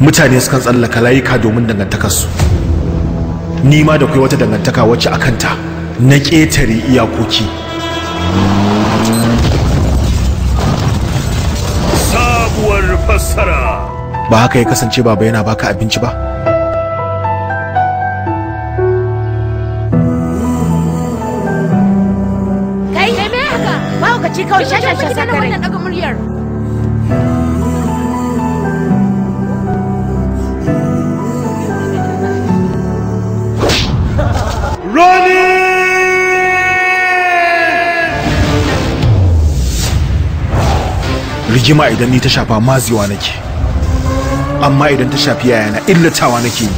mutane sukan tsallaka layuka domin dangantakarsu ni ma da kai wata dangantaka wacce a kanta na ƙetare iyakoki sabuwar fassara ba haka ya kasance baba yana baka abinci ba kai me haka ba ka ci kawai shashasha sakarai rigima idan ni ta shafa maziwa nake amma idan ta shafi yaya na illatawa nake yi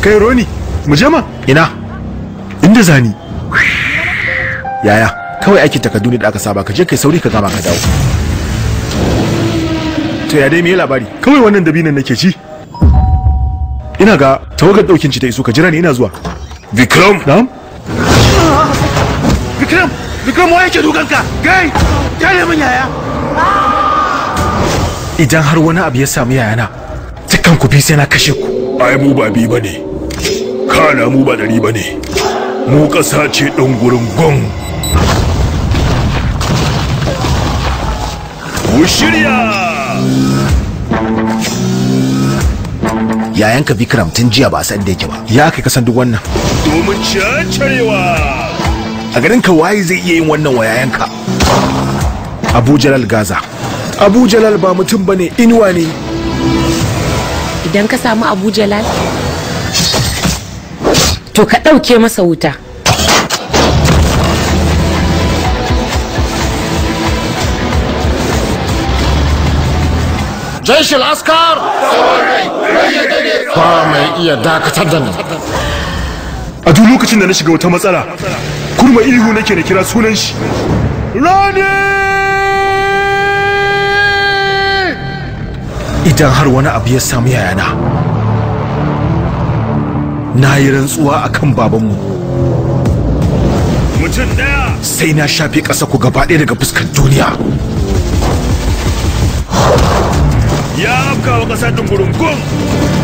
kai roni mu je ma ina inda zani yaya kawai aikin takardu ne da aka saba ka je kai sauri ka gama ka dawo to ya dai me labari kawai wannan dabinan nake ci ina ga tawagar daukin ci ta iso ka jira ni ina zuwa vikram na'am vikram vikram wa yake dukan ka gai kyale min yaya idan har wani abu ya samu yayana tukan ku bi sai na kashe ku ai mu ba bi bane kana mu ba dari bane mu kasa ce dan gurin gon ku shirya yayanka vikram tun jiya ba san da yake ba ya kai kasan duk wannan domin cancarewa a garin ka waye zai iya yin wannan wa yayanka Abu Jalal Gaza Abu Jalal ba mutum bane inuwa ne idan ka samu Abu Jalal to ka ɗauke masa wuta askar Sorry. iya dakatar da ni a duk lokacin da na shiga wata matsala kurma ihu nake da kira sunan shi rani idan har wani abu ya samu yayana na yi rantsuwa a kan babanmu mutum ɗaya sai na shafi ƙasa ku gaba ɗaya daga fuskar duniya ya afkawa ƙasar dungurungun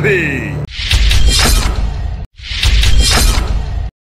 Heavy.